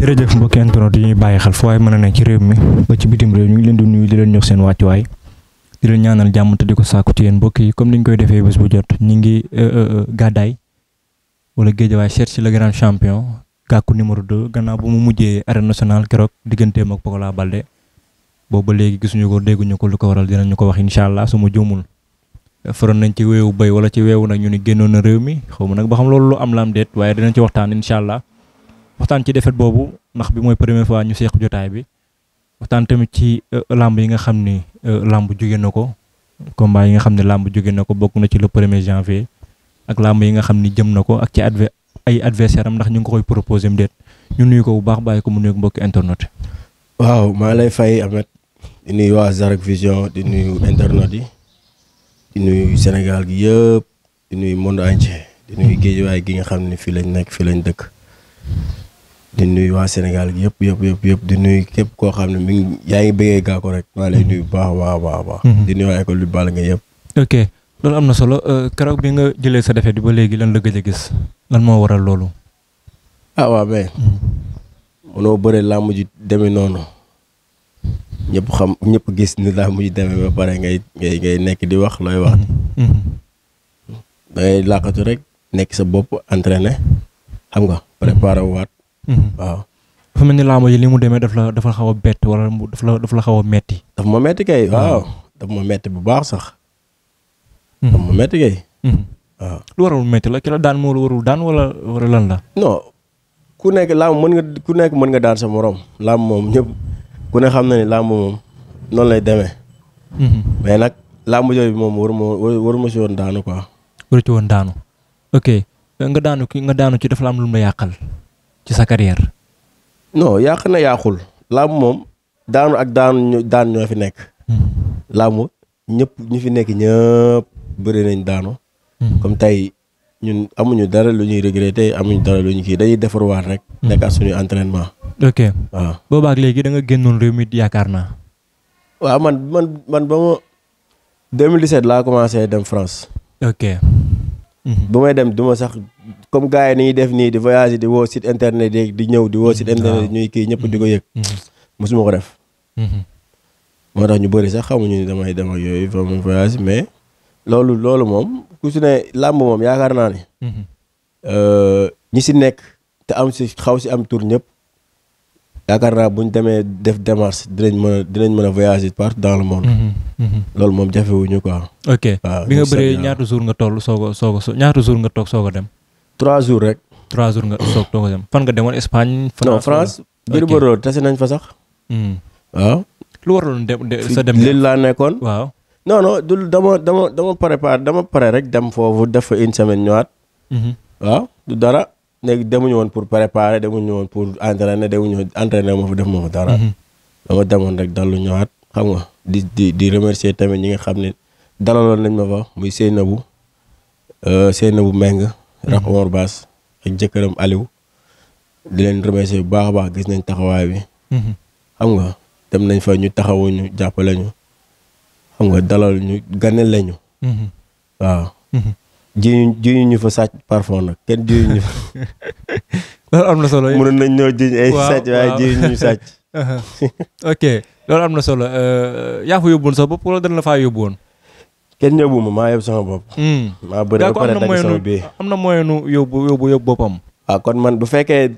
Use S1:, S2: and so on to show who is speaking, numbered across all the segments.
S1: jërëjëf mbokki internet yi ñuy bàyyi xel fu waaye mën a ci réew mi ba ci bitim réew ñu ngi leen di nuyu di leen jox seen wàccuwaay di leen ñaanal jàmm te di ko sàkku ci yéen mbokk yi comme niñ koy defee bés bu jot ñu ngi euh, euh, euh, gàddaay wala géejawaay seet cherche le grand champion gàkku numéro 2 gannaaw bu mu mujjee arène national keroog digganteem ak Pokola Balde boobu ba léegi gisuñu ko dégguñu ko lu ko waral dinañu ko wax incha allah su mu juumul faroon nañ ci weewu béy wala ci weewu nag ñu ni génnoon na réew mi xaw ma nag ba xam loolu lu am la am déet waaye dinañ ci waxtaan incha allah waxtaan ci defet boobu ndax bi mooy première fois ñu seeq jotaay bi waxtaan tamit ci euh, làmb yi nga xam ni euh, làmb jóge na ko combat yi nga xam ne làmb jóge na ko bokk na ci le premier janvier ak làmb yi nga xam ni jëm na ko ak ci adve ay adversaire am ndax ñu ngi ko koy proposé mu déet ñu nuyu ko bu baax bàyyi ko mu nuyu mbokki internet.
S2: waaw maa lay fay Ameth di nuyu waa Zarak di nuyu internet yi di nuyu Sénégal gi yëpp di nuyu monde entier di nuyu géejuwaay gi nga xam ne fii lañ nekk fii lañ dëkk di nuyu waa Sénégal gi yëpp yëpp yëpp yëpp di nuyu képp koo xam ne mi ngi yaa ngi bëggee Gackou rek maa lay nuyu baax baax baax baax mhm. di nuyu waa école bi nga yëpp
S1: ok loolu am na solo euh, keroog bi nga jëlee sa defet di ba léegi lan la gëj a gis lan moo waral loolu
S2: ah waa ba mënoo mhm. bëre làmb ji demee noonu ñëpp xam ñëpp gis ni laa muy demee ba pare ngay nekk di wax looy wax. Mm-hmm.
S3: Mm-hmm.
S2: da ngay làqatu rek nekk sa bopp entraîné xam nga préparé mm-hmm. waat.
S1: waaw. dafa mel ni làmb ji li mu demee daf la dafa xaw a bett wala daf la daf la xaw a metti. daf ma metti kay waaw
S2: daf ma metti bu baax sax.
S1: daf ma metti kay. waaw lu warul metti la ki la daan moo lu warul daan wala lan la.
S2: non ku nekk làmb mën nga ku nekk mën nga daan sa morom làmb moom ñëpp. ku ne xam na ni lamb moom noonu lay demee. Mhm. mais nag lamb jooju moom waru waruma waru ma si woon daanu quoi.
S1: waru ci woon daanu ok nga daanu ki nga daanu ci dafa la am lu mu la yàqal ci sa carrière.
S2: non yàq na yàqul lamb moom daanu ak daanu daan ñoo fi nekk. Mhm. lamb ñëpp ñu fi nekk ñëpp bëri nañ daanu. Mhm. comme tey ñun amuñu dara lu ñuy regretter amuñu dara lu ñu kii dañuy defarwaat rek. nekk ak suñu entraînement.
S1: ok waaw ah. boobaak léegi da nga génnoon réew mi yaakaar naa.
S2: waaw man man man ba ma 2017 laa commencé dem France.
S1: ok. Mhm.
S2: bu may dem du sax comme gars yi ni ñu def nii di voyager di woo site internet yeeg di ñëw di woo site mm-hmm. internet ñuy kii ñëpp di ko yëg. Mm-hmm. mosuma ko def. Mm-hmm. moo tax ñu bëri sax xamuñu ni damay dem ak yooyu fa mu voyage mais loolu loolu moom ku su ne làmb moom yaakaar naa ni. Euh, ñi si nekk te am si xaw si am tour ñëpp. yaakaar naa bu ñu demee def démarche dinañ mën a dinañ mën a voyager partout dans le monde. Mm-hmm, mm-hmm. loolu moom jafewuñu ko
S1: ok bi nga bëree ñaata jours nga toll soog a soog ñaata jours nga toog soog a dem. trois jours rek. trois jours nga soog toog a dem fan nga demoon Espagne. non France biir bëroo
S2: tase nañ fa sax.
S1: Mm. waaw. lu war waroon dem sa dem. lii laa nekkoon. waaw
S2: non non du dama dama dama préparé dama pare rek dem foofu def fa une semaine ñëwaat. Mm-hmm. waaw du dara. nekk demuñu woon pour préparer demuñu woon pour entraîner demuñu woon entraîner ma fa def dem fa dara. Mhm. dama demoon rek dallu ñëwaat xam nga di di di remercier tamit ñi nga xam ne dalaloon nañ ma fa muy Seynabou euh, bu Meng. Mhm. Rakh Omar Baas ak jëkkëram aliw di leen remercier bu baax a baax gis nañ taxawaay bi. Mhm. xam nga dem nañ fa ñu taxawuñu jàppale ñu xam nga dalal ñu gane lañu. waaw. jiñu jiñu ñu fa sàcc parfum nag kenn jiñu ñu fa.
S1: loolu am na solo mënoon nañ ñoo jiñ ay sàcc uh-huh. loolu na solo euh, yaa fa yóbbuwoon sa bopp wala dana la faa yóbbuwoon. kenn yóbbu ma maa yóbbu sama bopp. Hmm. maa bëri ba pare am na moyen nu boppam.
S2: Ah, kon man bu fekkee.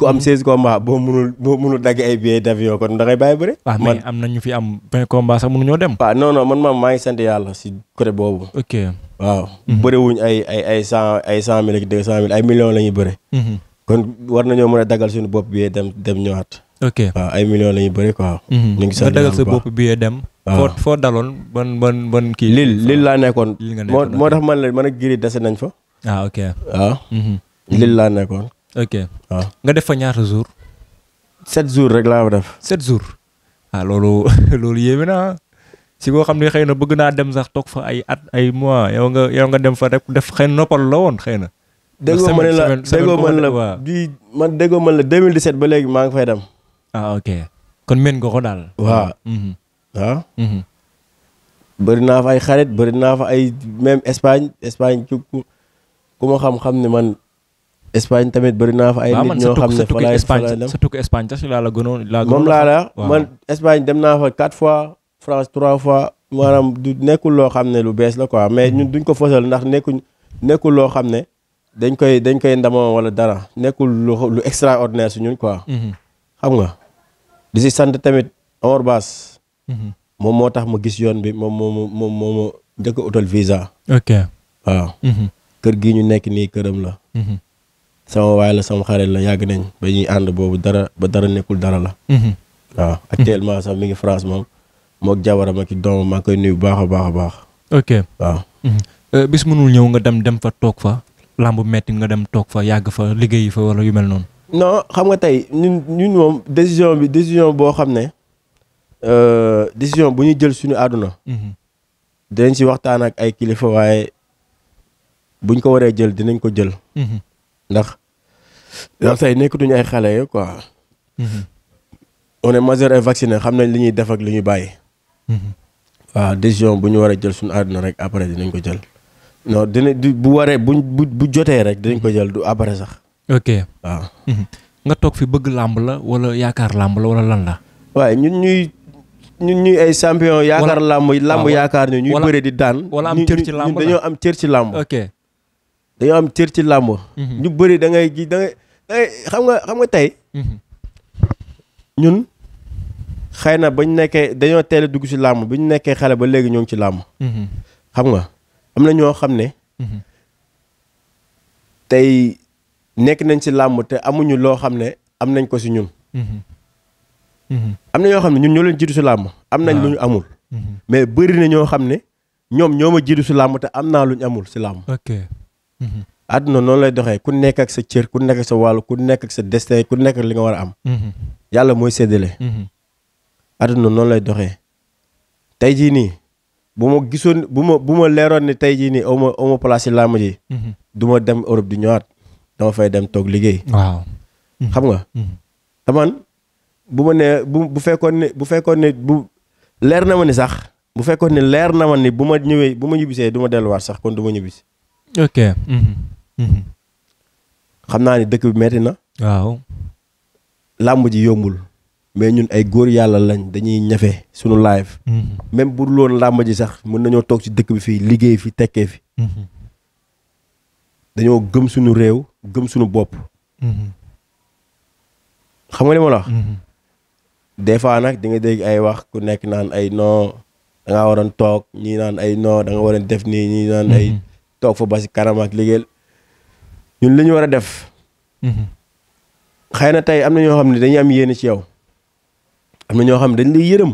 S2: ku am 16 hmm. combats boo munul boo munul dagg ay billets d'avion kon da ngay bàyyi bëri. Ah, man waaw mais am na ñu fi am 20 combats sax mënuñoo dem. waaw ah, non non man maam maa ngi sant yàlla si côté boobu. waaw mhm. bëriwuñ ay ay ay cent ay cent mille ak ay million la ñuy bëri mhm. kon war nañoo mën a dagal suñu bopp bi dem dem ñëwaat ay millions la ñuy bëri quoi mhm. ñu ngi nga dagal sa foo foo daloon ban ban kii lil lil laa nekkoon moo moo tax man la man a giri dese nañ fa
S1: ah ok waaw lil laa nekkoon ok waaw nga def fa ñaata jour sept jours rek laa fa def sept jours ah loolu loolu yéeme na si koo xam ne xëy na bëgg naa dem sax toog fa ay at ay mois yow nga yow nga dem fa rek def xëy na noppal la woon xëy na. déggoo ma ne la déggoo ma ne
S2: man déggoo ma ne la 2017 ba léegi maa ngi fay dem. ah kon mën nga ko daal. waaw waaw. Mm-hmm. Ah. Mm-hmm. naa fa ay xarit bëri naa fa ay même Espagne Espagne ci ku ma xam-xam ni man Espagne tamit bëri naa fa ay nit ñoo xam ne fa laay fa laay
S1: dem sa laa man
S2: Espagne dem naa fa quatre fois France trois fois maanaam du nekkul loo xam ne lu bees la quoi mais ñun hmm. duñ ko fësal ndax nekkuñ nekkul loo xam ne dañ koy dañ koy ndamoo wala dara nekkul lu lu extraordinaire su ñun quoi. Hmm. xam nga di si sant tamit Omar Baas. Hmm. moom moo tax ma gis yoon bi moom moo moom moo ma njëkk a utal visa. waaw. kër gii ñu nekk nii këram la. sama waay la sama xarit la yàgg nañ ba ñuy ànd boobu dara ba dara nekkul dara la. waaw actuellement sax mi ngi France moom. moog jabaram ak doomam maa ngi koy nuyu bu baax baax a baax. ok
S1: waaw. Mhm. Euh, bis mënul ñëw nga dem dem fa toog fa làmb metti nga dem toog fa yàgg fa liggéey fa wala yu mel noonu.
S2: non xam nga tey ñun ñun moom décision bi décision boo xam ne euh, décision bu ñu jël suñu àdduna. Mhm. dinañ si waxtaan ak ay kilifa waaye buñ ko waree jël dinañ ko jël. Mhm. ndax ndax tey nekkatuñu ay xale quoi. on est majeur et vacciné xam nañ li ñuy def ak li ñuy bàyyi. waaw décision bu ñu war a jël suñu àdduna rek après dinañ ko jël non dina bu waree bu bu jotee rek dinañ ko jël du après sax.
S1: ok waaw. Mhm. nga toog fi bëgg làmb la wala yaakaar làmb la wala lan
S2: waaye ñun ñuy ñun ñuy ay champion. yaakaar làmb làmb yaakaar ñu ñuy bëre di daan. wala am cër ci làmb am cër ci làmb. ok dañoo am cër ci làmb. Mhm. ñu bëri da ngay da xam nga xam nga tey. Mhm. ñun. xay na ba ñu nekkee dañoo teel a dugg ci làmb bi ñu nekkee xale ba léegi ñoo ci làmb. Mm-hmm. xam nga am na ñoo xam ne. Mm-hmm. tey nekk nañ ci làmb te amuñu loo xam ne am nañ ko ci ñun.
S3: Mm-hmm.
S2: am na ñoo xam ne ñun ñoo leen jiitu ci làmb. am nañ ah. lu ñu amul. mais bëri na ñoo xam ne ñoom ñoo ma jiitu ci làmb te am naa lu ñu amul si làmb. ok. àdduna noonu lay doxee ku nekk ak sa cër ku nekk ak sa wàll ku nekk ak sa destin ku nekk ak li nga war a am. yàlla mooy séddale. àdduna noonu lay doxee tey jii nii bu ma gisoon bu ma bu ma leeroon ni tey jii nii aw ma aw ma place si làmb ji. Mhm. du ma dem Europe di ñëwaat dama fay dem toog liggéey. waaw mhm. xam nga. Mhm. te man bu ma nee bu fekkoon ne bu fekkoon leer na ma ni sax bu fekkoon ne leer na ma ni bu ma ñëwee bu ma ñibbisee du ma delluwaat sax kon du ma ñibbisi. xam naa ni dëkk bi metti na. làmb ji yombul. mais ñun ay góor yàlla lañ dañuy ñafe suñu live. Mm-hmm. même bu dul woon làmb ji sax mën nañoo toog ci dëkk bi fii liggéey fi tekkee fi. Mm-hmm. dañoo gëm suñu réew gëm suñu bopp. Mm-hmm. xam nga li ma la wax. fois nag di nga dégg ay wax ku nekk naan ay noo da waroon toog ñii naan ay noo danga nga waroon def nii ñii naan ay. toog fa ba si kanam ak ñun li ñu war a def. xëy na tey am na ñoo xam ne dañuy am yéene ci yow. am na ñoo xam ne dañ lay yërëm.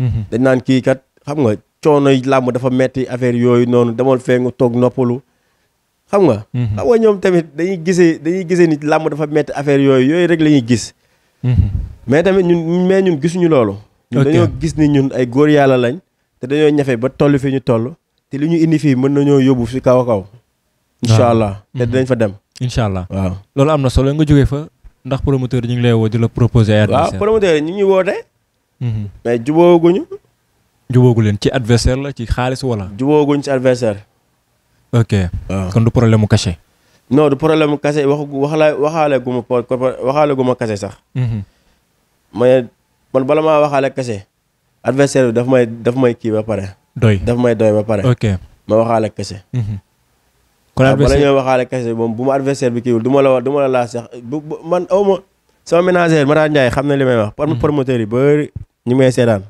S2: Mm-hmm. dañ naan kii kat xam nga coono yi làmb dafa metti affaire yooyu noonu demal fee nga toog noppalu. xam nga. Mm-hmm. xam nga ñoom tamit dañuy gise dañuy gisee nit làmb dafa metti affaire yooyu yooyu rek la ñuy gis. Mm-hmm. mais tamit ñun mais ñun gisuñu loolu. ñun dañoo gis ni ñun ay góor yàlla lañ. te dañoo ñafe ba toll fi ñu toll. te li ñu indi fii mën nañoo yóbbu fi kaw a kaw. incha allah te dinañ fa dem.
S1: incha allah waaw loolu am na solo nga jógee fa ndax promoteur ñu ngi lay woo di la proposer ay adversaire waaw promoteur ñu ngi woote. Mhm. mais jubóoguñu. jubóogu leen ci adversaire la ci xaalis wala. jubóoguñ ci adversaire. ok. kon du problème mu cachet.
S2: non du problème mu cachet wax waxaale waxaale gu ma waxaale gu ma cachet sax. Mhm. mais man bala maa waxaale cachet. adversaire bi daf may daf may kii ba pare. doy daf may doy ba pare. ok ma waxaale cachet. Mhm. kon ah, adversaire bala ñoo waxaale kese moom bu ma adversaire bi kiiwul du ma la wax du ma la laaj sax bu man aw ma sama ménagère Mara Ndiaye xam na li may wax. Mhm. promoteur yi bëri ñu may seedaan.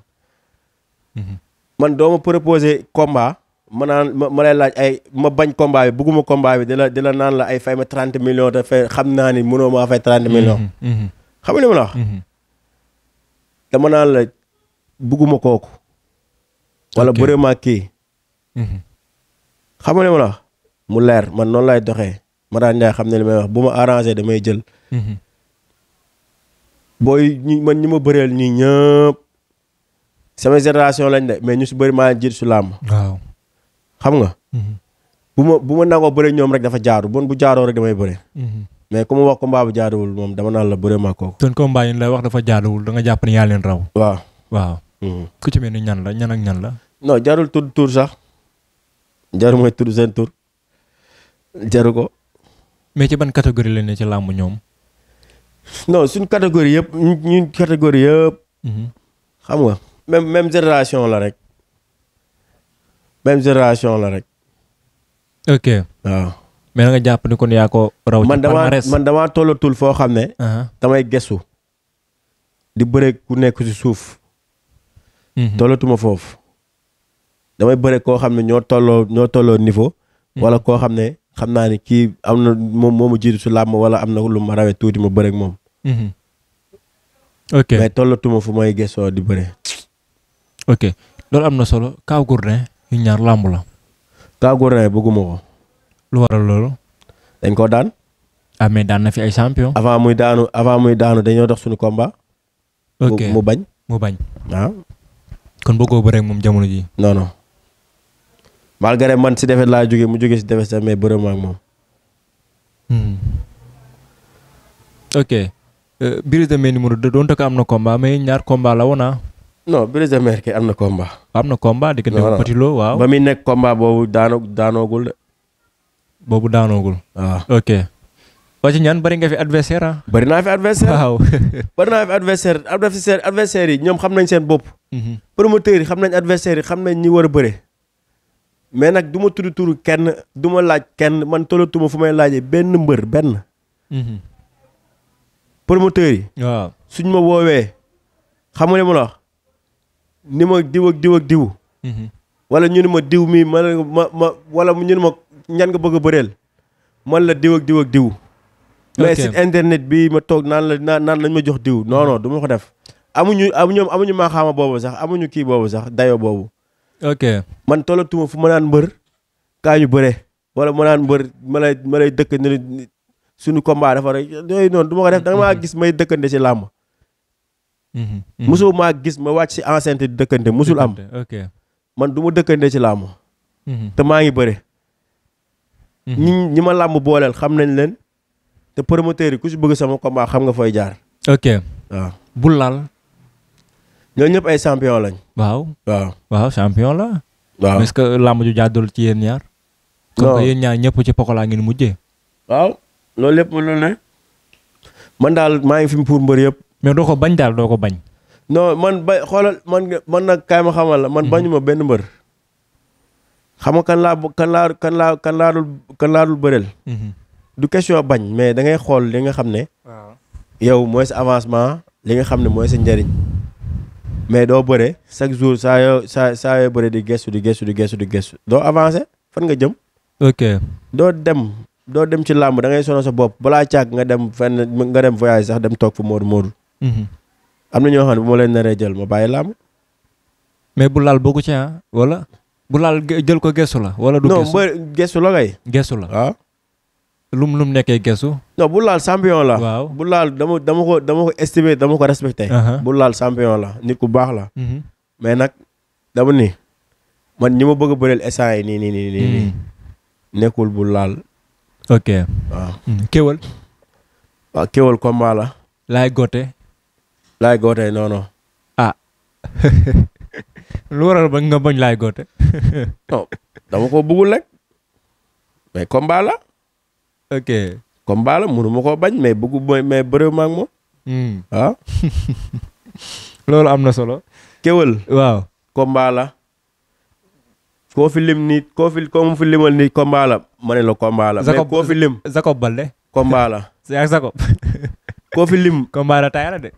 S2: Mhm. man doo ma proposé combat ma naan lay laaj ay ma bañ komba bi bugguma combat bi di la di la naan la ay fay ma 30 millions te fay xam naa ni mënoo maa fay 30 millions. Mhm, xam nga li la dama naan la bugguma kooku. wala bëri ma kii. xam nga la mu leer man noonu lay doxee Matar Ndiaye xam bu ma arrangé damay jël. Mm-hmm. booy ñi man ñi ma bëreel ñii ñëpp sama génération lañ ñu si bëri maa su làmb waaw nga. Mm-hmm. bu ma bu ma nangoo dafa jaaru bon bu jaaroo rek damay bëri. Mm-hmm. mais ku ma wax combat bu jaaduwul moom la bëree maa kooku.
S1: yi lay wax dafa jaaduwul da nga jàpp ni yaa leen raw. ñan la ñan ak ñan la. non tur sax
S2: jarul mooy tudd seen tur. jaru ko.
S1: mais ci ban catégorie la ne ci làmb ñoom. non suñ catégorie yëpp ñun catégorie yëpp. Mhm. xam nga
S2: même même génération la rek même génération la rek.
S1: ok waaw. mais da nga jàpp ni kon yaa ko raw. man damaa man
S2: damaa tollatul foo xam ne. Uh-huh. damay gestu di bëre ku nekk ci suuf. Mhm. tollatuma foofu. damay bëre koo xam ne ñoo tolloo ñoo tolloo niveau. Mhm. wala koo xam ne xam naa ni kii am na moom moo ma jiitu si làmb wala am na lu ma rawee tuuti ma bëre moom.
S1: Mhm. ok
S2: mais tollatuma fu may gëstoo
S1: di bëre. ok loolu am na solo Kaw Gourdin ñu ñaar làmb la. Kaw Gourdin bëgguma ko. lu waral loolu. dañ ko daan. ah daan na fi ay champion.
S2: avant muy daanu avant muy daanu dañoo dox suñu komba mu bañ mu bañ. Ah.
S1: kon bëggoo bëre moom jamono ji non
S2: malgré man si defee laa jóge mu jógee si defet sax mais bërëm ak moom.
S1: Hmm. ok euh, Brise de Mer numéro 2 donte ko am na combat mais ñaar combat la woon ah.
S2: non Brise de am na komba
S1: am na combat di ko dem Petit waaw.
S2: ba muy nekk combat boobu
S1: daano daanoogul de. boobu daanoogul. waaw ah. ok. waa ci ñaan bari nga fi adversaire ah. bari naa fi adversaire waaw.
S2: naa fi adversaire adversaire adversaire yi ñoom xam nañ seen bopp. Mhm. promoteurs yi xam nañ adversaire yi xam nañ ñi war a bëre. mais nag du ma tudd turu kenn duma laaj kenn man tollatuma fu may laajee benn mbër benn. Mhm. promoteur yi. waaw suñ ma woowee xam nga li la ni ma diw ak diw ak diw. Mhm. wala ñu ne ma diw mii ma ma ma wala ñu ne ma ñan nga bëgg a bëreel man la diw ak diw ak diw. mais site internet bi ma toog naan la naan naan lañ ma jox diw non non du ma ko def. amuñu am ñoom amuñu maaxaama boobu sax amuñu kii boobu sax dayo boobu. ok man tollatuma fu ma naan mbër kaa ñu wala ma naan mbër ma lay ma sunu dëkk ni suñu combat dafa rek yooyu noonu du ko def gis may dëkkante ci làmb mhm, mhm. musu ma gis ma wàcc ci enceinte di dëkkante musul am man duma ma dëkkante ci làmb te ma ngi bëre ñi mhm. ñi ma làmb booleel xam nañ len te promoteur ku bëgg sama combat xam nga fooy jaar
S1: ok ah.
S2: bulal ñoo ñëpp ay champion lañ.
S1: waaw waaw waaw champion la. waaw est-ce que lamb ju jaadul ci yéen ñaar. Iya non yéen ñaar ñëpp ci pokola ngeen mujjee.
S2: waaw loolu lépp mënul ne. man daal maa ngi fi pour mbër yëpp. mais doo ko bañ daal doo ko bañ. non man ba xoolal man man nag kaay ma xamal la man bañuma benn mbër. xam nga kan laa kan laa kan laa kan laa dul kan laa dul bëreel. Mhm. du question bañ mais da ngay xool li nga xam ne. waaw yow mooy sa avancement li nga xam ne mooy sa njëriñ. mais doo bëre chaque jour saa yoo saa saa yoo bëre di gestu di gestu di gestu di gestu doo avancé fan nga jëm. ok doo dem doo dem ci làmb da ngay sonal sa bopp balaa càgg nga dem fenn nga dem voyage sax dem toog fu moo Modou. Mhm. am na ñoo xam ne bu ma leen naree jël
S1: ma bàyyi làmb. mais bu laal bokku ci ah wala. bu laal jël ko gestu la wala du. gestu non gestu la kay. la waaw. Ah. lum lum nekkee gestu.
S2: non bu laal champion la. waaw bu laal dama dama ko dama ko dama ko respecté. bu laal champion la nit ku baax la. Mhm. mais nag dama ni man ñi ma bëgg a bëreel yi nii nii nii mhm. nekkul bu laal.
S1: ok waaw. Mhm. kéwal.
S2: waaw kéwal combat la. laay goote. laay goote non ah
S1: lu waral ba nga bañ laay goote.
S2: dama ko bëggul rek mais combat ok combat la mënu ma koo bañ mais bëggu mais bëréew ma moom. waaw.
S1: Hmm. Ah. loolu am na
S2: solo. kéwal waaw combat koo fi lim nii koo ma ne la combat Jacob Baldé. combat la.
S1: ak Jacob. koo fi lim. combat la de.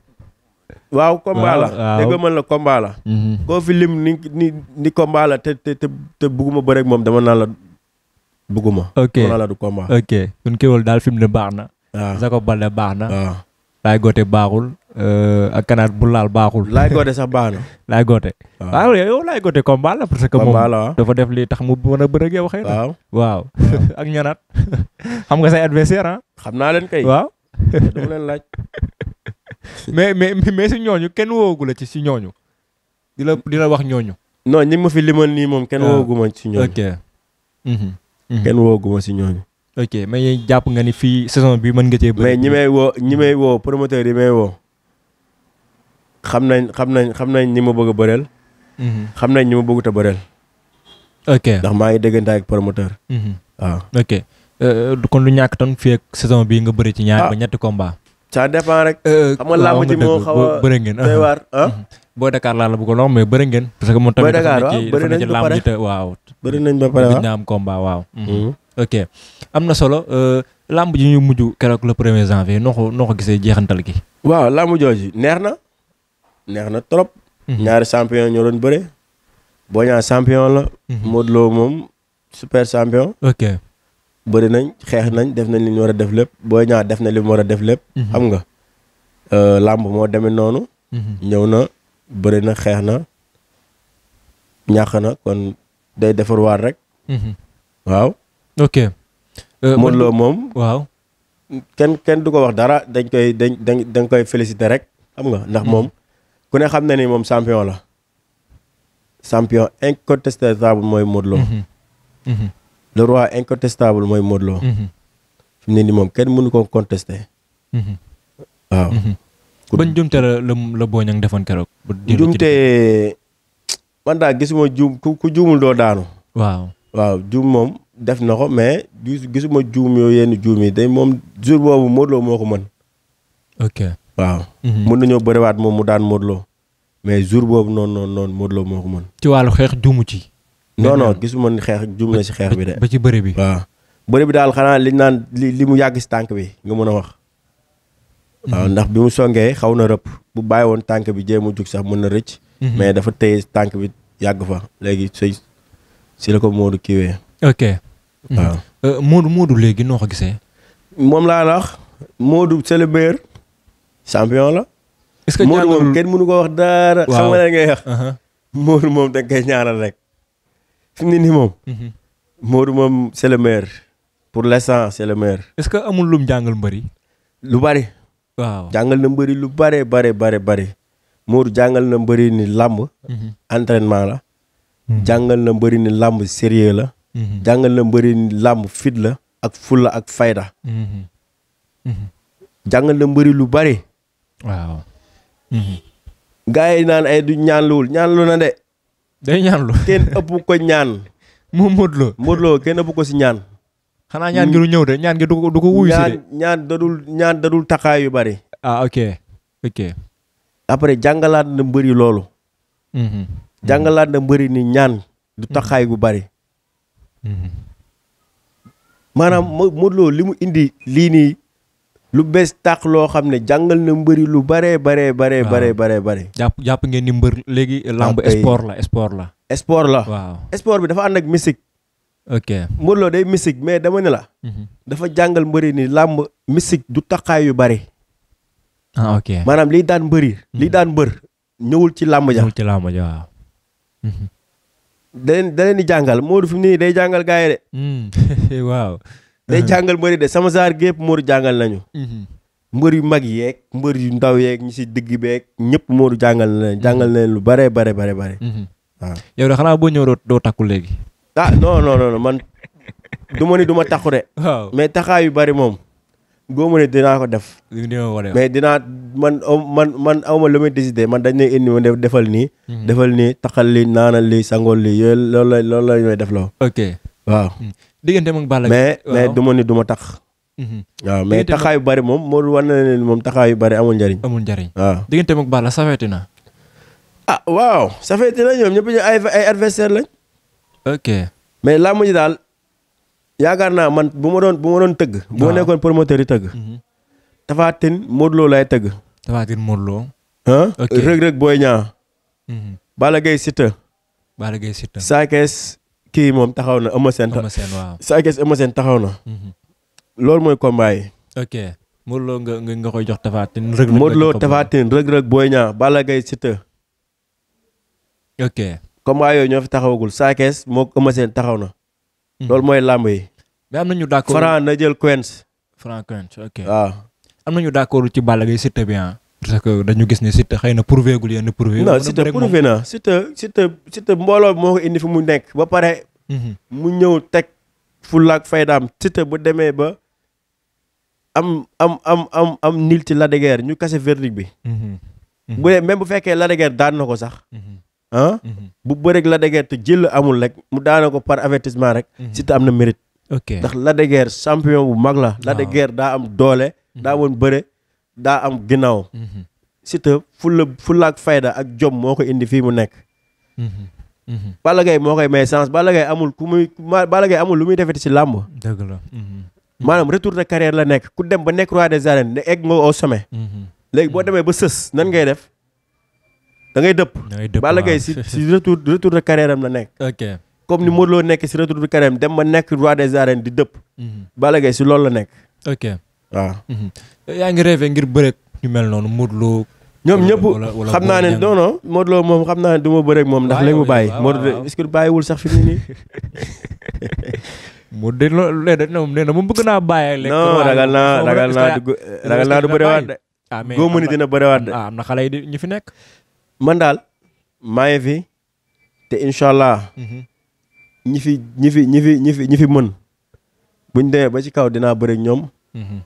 S1: waaw combat la dégg la
S2: combat mhm. koo fi lim ni ni te te te bugguma bëre ak moom dama naan la.
S1: bugguma. ok la du combat. ok daal fi mu ne baax na. waaw ah. Jacob Baldé baax na. waaw ah. Laye baaxul. Euh, ak kanaat bu laal baaxul. Laye Gothé sax baax na. Laye Gothé. Ah. waaw yow Laye Gothé la parce que moom dafa def lii tax mu mën a bëreeg yow xëy na. waaw ak ñanaat xam nga say adversaire ah. xam naa leen kay. waaw dama mais mais mais si ñooñu kenn woogu la ci si ñooñu. di la di la wax ñooñu. non ñi ma fi limal nii moom kenn woogu ma ci ñooñu. ok. Mhm. Mhm. kenn wooguma si ñooñu. ok mais jàpp nga ni fii saison bi mën nga cee. mais ñi may
S2: woo ñi may woo promoteur yi may woo xam nañ xam nañ xam nañ ñi ma bëgg a bëreel. Mhm. xam nañ ñi ma bëggut bëreel.
S1: ok ndax maa ngi déggante ak promoteur. waaw mhm. ah. ok euh, kon lu ñàkk tan fii ak saison bii nga bëri ci ñaar ah. ba ñetti combat.
S2: ça dépend rek. Euh, xam nga làmb ji moo a bëri ngeen doy waar
S1: uh-huh. ah. Mm-hmm. booy Dakar laa la bëggoon wax bëri ngeen. que moom tamit ah? dafa nekk ci dafa nekk ci làmb
S2: ba pare ah?
S1: waaw mm-hmm. Mm-hmm. am na solo euh, làmb ji ñu mujj keroog le premier janvier noo ko noo ko gisee jeexantal ki
S2: waaw làmb jooju neex na. neex na trop. ñaari champion ñoo doon bëre. Boy Niang champion la. Modou Lo moom super champion. bëri nañ xeex nañ def nañ li ñu war a def lépp Boy Niang def na li mu war a def lépp. Mhm. xam nga euh, làmb moo demee noonu. Mhm. ñëw na bëri na xeex na ñàq na kon day defarwaat rek. Mhm.
S1: waaw. ok. Euh, Modou Lo moom.
S2: waaw. kenn kenn du ko wax dara dañ koy dañ dañ dañ koy féliciter rek xam nga ndax moom ku ne xam na ni moom champion la champion incontestable mooy Modou Lo le roi incontestable mooy Modou Lo. Mhm. fi mu nii moom kenn mënu ko contester.
S1: Mhm. waaw. Mhm. ban jumte la la la Boñang defoon keroog.
S2: jumte man daal gisuma juum ku ku juumul doo daanu. waaw waaw juum moom def na ko mais gisuma juum yooyu yenn juum yi day moom jour boobu Modou moo ko mën. ok waaw. mën nañoo bëriwaat moom mu daan Modou mais jour boobu noonu noon noonu Modou Lo moo ko mën.
S1: ci wàllu xeex juumu ci. non non
S2: gisuma ni xeex jum na si xeex bi de. ba ci bëre bi waaw. bëre bi daal xanaa li naan li li mu yàgg si tànk bi nga mën a wax.
S1: Mhm. waaw
S2: ndax bi mu songee xaw na rëpp bu bàyyi woon tànk bi jéem a jug sax mën na rëcc. Mhm. mais dafa téye tànk bi yàgg fa léegi sëy si la ko Modou kiiwee.
S1: waaw mhm. euh, Modou Modou léegi noo ko gisee. moom laa la wax
S2: Modou la. est que Modou moom mënu ko wax dara. waaw xam nga ngay wax. Uh-huh. Modou moom da nga koy ñaanal rek. fi mu ne nii moom. Mhm. Modou moom c'est le maire. pour l'instant c'est
S1: est-ce que amul lum jàngal mbëri. lu bari. waaw
S2: jàngal na mbëri lu bare bare bare bare. Modou jàngal na mbëri ni làmb. Mhm. entraînement la. Mhm. jàngal na mbëri ni làmb sérieux la. jàngal na mbëri ni làmb fit la. ak fulla ak fayda. jàngal na mbëri lu bari. waaw. naan ay du ñaanluwul ñaanlu na de. day ñaan lu kenn ëpp ko ñaan. moom Modou Lo kenn ëpp ko si ñaan.
S1: xanaa ñaan ngi mm. du ñëw ñaan
S2: ngi du ko du ñaan dadul ñaan dadul yu bari. ah ok jàngalaat na mbëri loolu. Mhm. jàngalaat na mbëri ni ñaan. du taxaay bu bari. Mhm. maanaam Modou li mu indi lii lu bees tàq loo xam ne jàngal na mbëri lu bare bare bare bare bare bare
S1: jàpp jàpp ngeen ni mbër léegi lamb sport la sport la
S2: sport la waaw sport bi dafa ànd ak musique ok Modou Lo day musique mais dama ne la mhm. dafa jàngal mbëri ni làmb musique du taqaay yu bare ah maanaam liy daan mbëri mhm. liy daan mbër ñëwul ci làmb ja
S1: ñëwul ci làmb ja
S2: mhm. di jàngal Modou fi mu nii day jàngal gaay de mm. waaw day jàngal mbëri de sama saar gépp mooru jàngal nañu mhm. mbër yu mag yeeg mbër yu ndaw yeeg ñu si digg beeg ñëpp mooru jàngal nañ jàngal
S1: nañ lu bare bare bare bare mhm. waaw de xanaa boo ñëw doo takku léegi ah non non
S2: man du ma ni du ma takku de mais taxaay yu bari moom góobu ne dinaa
S1: ko def. mais
S2: dinaa man man man aw ma lu muy décidé man dañ lay indi ma defal nii. Mhm. defal nii taxal lii naanal lii sangool lii yooyu loolu la loolu la ñuy def loo. waaw diggante moom Balla mais mais du ma tax. Mhm. waaw mais taxaw yu bëri moom moo war na leen moom taxaw yu bëri amul njariñ. amul njariñ waaw
S1: diggante moom Balla safeeti na.
S2: ah waaw safeeti na ñoom ñëpp ñu ay ay adversaire lañ. ok mais làmb ji daal yaakaar naa man bu ma doon bu doon tëgg. bu ma nekkoon promoteur yi tëgg. Mhm. Tapha Tine Modou laay tëgg.
S1: Tapha Tine Modou Lo. ok rëg
S2: rëg booy ñaa. Mhm. Balla Gaye Siteu. Balla Gaye Siteu. Sa kii moom taxaw na Eumeu Sène. Eumeu Sène waaw Sa Thiès Eumeu taxaw na. Mhm. loolu mooy combat yi.
S1: ok Modou Lo nga nga koy jox Tapha Tine. Reug Reug Modou Lo Tapha
S2: Tine Reug Reug Boy ñoo fi taxawagul Sa Thiès moog Eumeu taxaw na. Mhm. loolu mooy làmb yi. mais na jël Quench. Franc Quench waaw.
S1: am nañu d'accord ci Balla Gaye Siteu bi ah. parce que dañu gis ne Siteu xëy na prouvé gul yenn prouvé. na
S2: Siteu Siteu Siteu mbooloo moo indi fi mu nekk ba pare. Mhm. mu ñëw teg fulla ak faydaam Siteu bu demee ba am am am am am nil ci Lac ñu kase verdict bi. Mhm. Mhm. bu dee bu fekkee la de Guiers daan na ko sax. ah bu bëreeg la de Guiers te jël amul rek mu daana ko par avertissement rek. Siteu am na mérite. ok ndax Lac de champion bu mag la. la Lac de daa am doole. daa woon bëre. daa am ginnaaw. Mhm. Siteu fulla fulla ak fayda ak jom moo ko indi fii mu nekk.
S1: Mhm. Mhm.
S2: Balla Gaye moo koy may chance Balla Gaye amul ku muy Balla Gaye amul lu muy defeti ci làmb. dëgg la. maanaam retour de carrière la nekk ku dem ba nekk roi des arènes ne egg nga au sommet. léegi boo demee ba sës nan ngay def da ngay dëpp. da ngay dëpp Balla Gaye si si retour retour de carrière am la nekk. comme ni Modou loo nekk si retour de carrière dem ba nekk roi des arènes di dëpp. Balla si loolu la nekk.
S1: waaw. Mm-hmm. yaa ngi rêvé ngir bëreeg ñu mel noonu Modou Lo. ñoom ñëpp xam naa ne non
S2: non moom xam naa ne du ma moom ndax léegi mu bàyyi moo Lo est-ce que sax fi mu nii.
S1: de loolu moom nee naa bàyyi. léegi non ragal naa ah, ni dina bëriwaat de. ah am na yi ñu fi nekk. man daal
S2: maa fi te incha allah. Mm-hmm. ñi fi ñifi fi ñi fi ñi fi ñi fi mën buñ demee ba ci kaw dinaa bëri ñoom. Mm-hmm.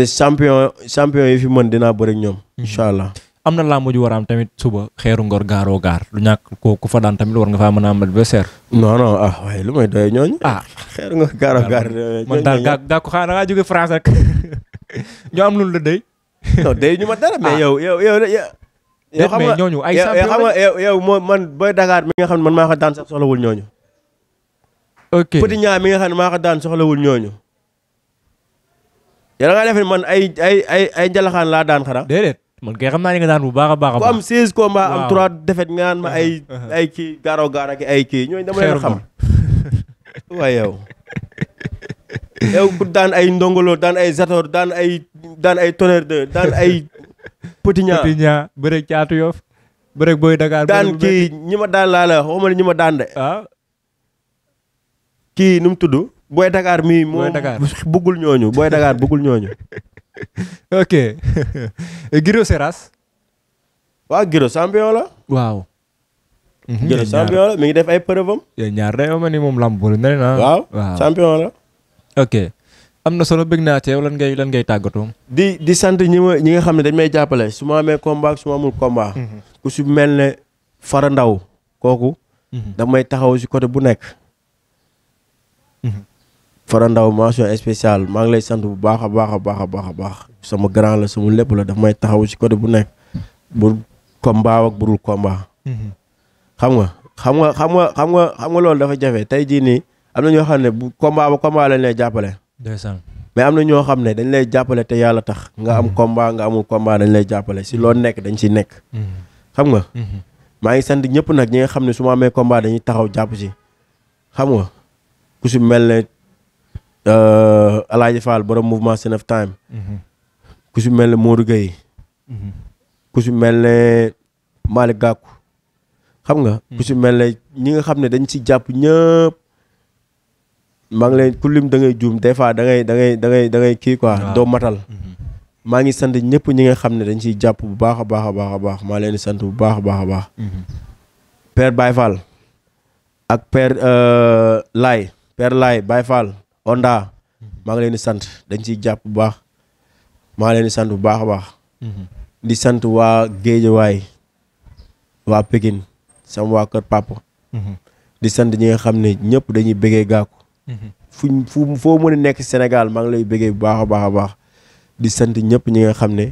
S2: te champion champion yi fi mën dina bëri ñom inshallah allah
S1: am na làmb ju waram tamit suba xéru ngor gaaroo gar ah, lu ñak ah. ko ku fa daan tamit war nga fa mëna am adversaire. non non ah way lu may doy ñooñu. ah xéru ngor gaaroo gar man dal ga ga ko xana nga ngaa France rek ñu am lu la dey. non dey ñu ma dara. mais yow yow yow yow xam nga ñooñu ay
S2: champion yow yow moo man boy Dakar mi nga xam man maa ko daan sax soxla wul ñooñu. ok Petit Niang mi nga xam ne maa ko soxla wul ñooñu. yow da ngaa defe man ay ay ay ay njalaxaan laa daan xanaa. déedéet man kay xam naa ne nga daan bu baax a baax. ku am 16 combats am 3 défaites nga ma ay uh-huh, uh-huh. ay kii gaaro gaara ki ay kii ñooy dama leen xam. waaye yow. yow ku daan ay ndongolo daan ay zator daan ay daan ay tonnerre de daan ay. Potignan
S1: Potignan bëreeg caatu Yoff
S2: bëreeg booy daan kii ñi ma daan laa la xaw ne ñi ma daan de. Ah. kii nu tudd. booy Dakar mii. booy Dakar bëggul ñooñu booy Dakar bëggul ñooñu. ok eh, Guiro Seras. waaw Guiro champion la.
S1: waaw. Guiro mi ngi def ay preuve am. ñaar day ma ni moom lamb boole nee na. waaw solo bëgg naa teew ngay tàggatoo.
S2: di di sant ñi ñi nga xam ne dañ jàppale su amee combat su mhm. mel ne Fara Ndaw kooku. Mhm. may taxaw si côté bu nekk. Mhm. farandaw mention spéciale maa ngi sant bu baax a baax a baax a baax a baax sama grand la sama lépp la daf may taxaw ci côté bu nekk bu combat ak mm-hmm. nga xam nga xam nga xam nga xam nga loolu dafa tey jii nii am na ñoo xam ne bu combat ba combat lañ lay jàppale mais am na ñoo xam ne dañ lay jàppale te yàlla tax nga am mm-hmm. combat nga amul combat dañ lay jàppale si loo nekk dañ si nekk mm-hmm. xam nga maa ngi sant ñëpp nag ñi xam ne su ma amee combat dañuy taxaw jàpp si xam nga ku si mel ne Euh, Alaaji Fall borom mouvement Sen of Time. Mhm. ku si mel ni Modou Gueye. Mhm. ku si mel ne Malick Gakou xam nga. Mhm. ku si mel ne ñi nga xam ne dañ si jàpp ñëpp. maa ngi leen da ngay juum des fois da ngay da ngay kii quoi doo matal. maa ngi sant ñëpp ñi nga xam ne dañ ciy jàpp bu baax a baax a baax a baax maa leen di sant bu baax a baax a baax. Père Baye Fall ak Père euh, Laye Père Laye Baye Fall Onda maa ngi leen di sant dañ ciy jàpp bu baax maa leen sant bu baax a baax. Mhm. di sant waa waay waa Pikine sama waa kër papa. Mhm. di sant ñi nga xam ne ñëpp dañuy bëggee gàkku. Mhm. fuñ fu foo mën nekk Sénégal maa lay bëggee bu baax a baax a baax di sant ñëpp ñi nga xam ne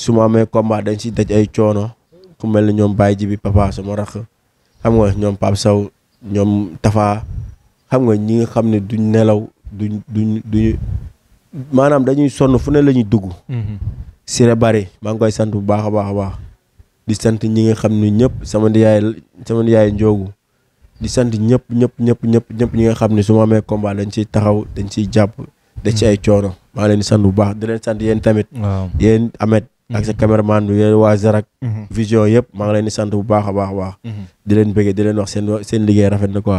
S2: su ma amee combat dañ si daj ay coono ku mel na ñoom Baye Jibi papa sama rakk xam nga ñoom Pape Sow ñoom Tafa. xam nga ñi nga xam ne duñ nelaw du duñ duñ maanaam dañuy sonn fu ne lañuy ñuy dugg. Mhm. Siré Bari maa koy sant bu baax a baax a baax di sant ñi nga xam ne ñëpp sama yaay sama yaay njoogu di sant ñëpp ñëpp ñëpp ñëpp ñëpp ñi nga xam ne su ma amee combat dañ ciy taxaw dañ ciy jàpp. da ci mhm. ay coono maa leen sant bu baax di leen sant yéen tamit. waaw Amet ak sa mhm. caméraman bi yooyu waa Zarak. Mhm. vision yëpp maa ngi leen di sant bu baax a baax a baax. Mhm. di leen bëggee di leen wax seen seen liggéey rafet na quoi.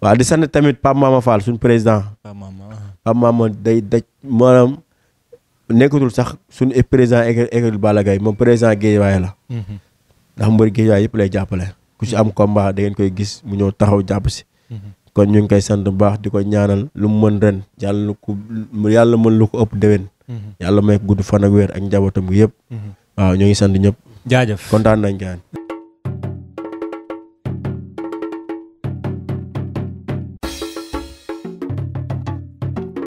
S2: waaw di sant tamit Pape Mama Fall suñu président. Pape Mama Pape Mama day daj maanaam nekkatul sax suñu e président école école Balla Gaye moom président Guédiawaye la. ndax mbëri Guédiawaye yëpp lay jàppale. ku si am combat da ngeen koy gis mu ñëw taxaw jàpp si. kon ñu ngi koy sant bu baax di ko ñaanal lu mu mën ren yàlla lu yàlla mën lu ko ëpp déwén. yàlla may gudd fan ak weer ak njabootam gi yëpp. Mhm. waaw ñoo ngi sant ñëpp. jaajëf kontaan nañ gaan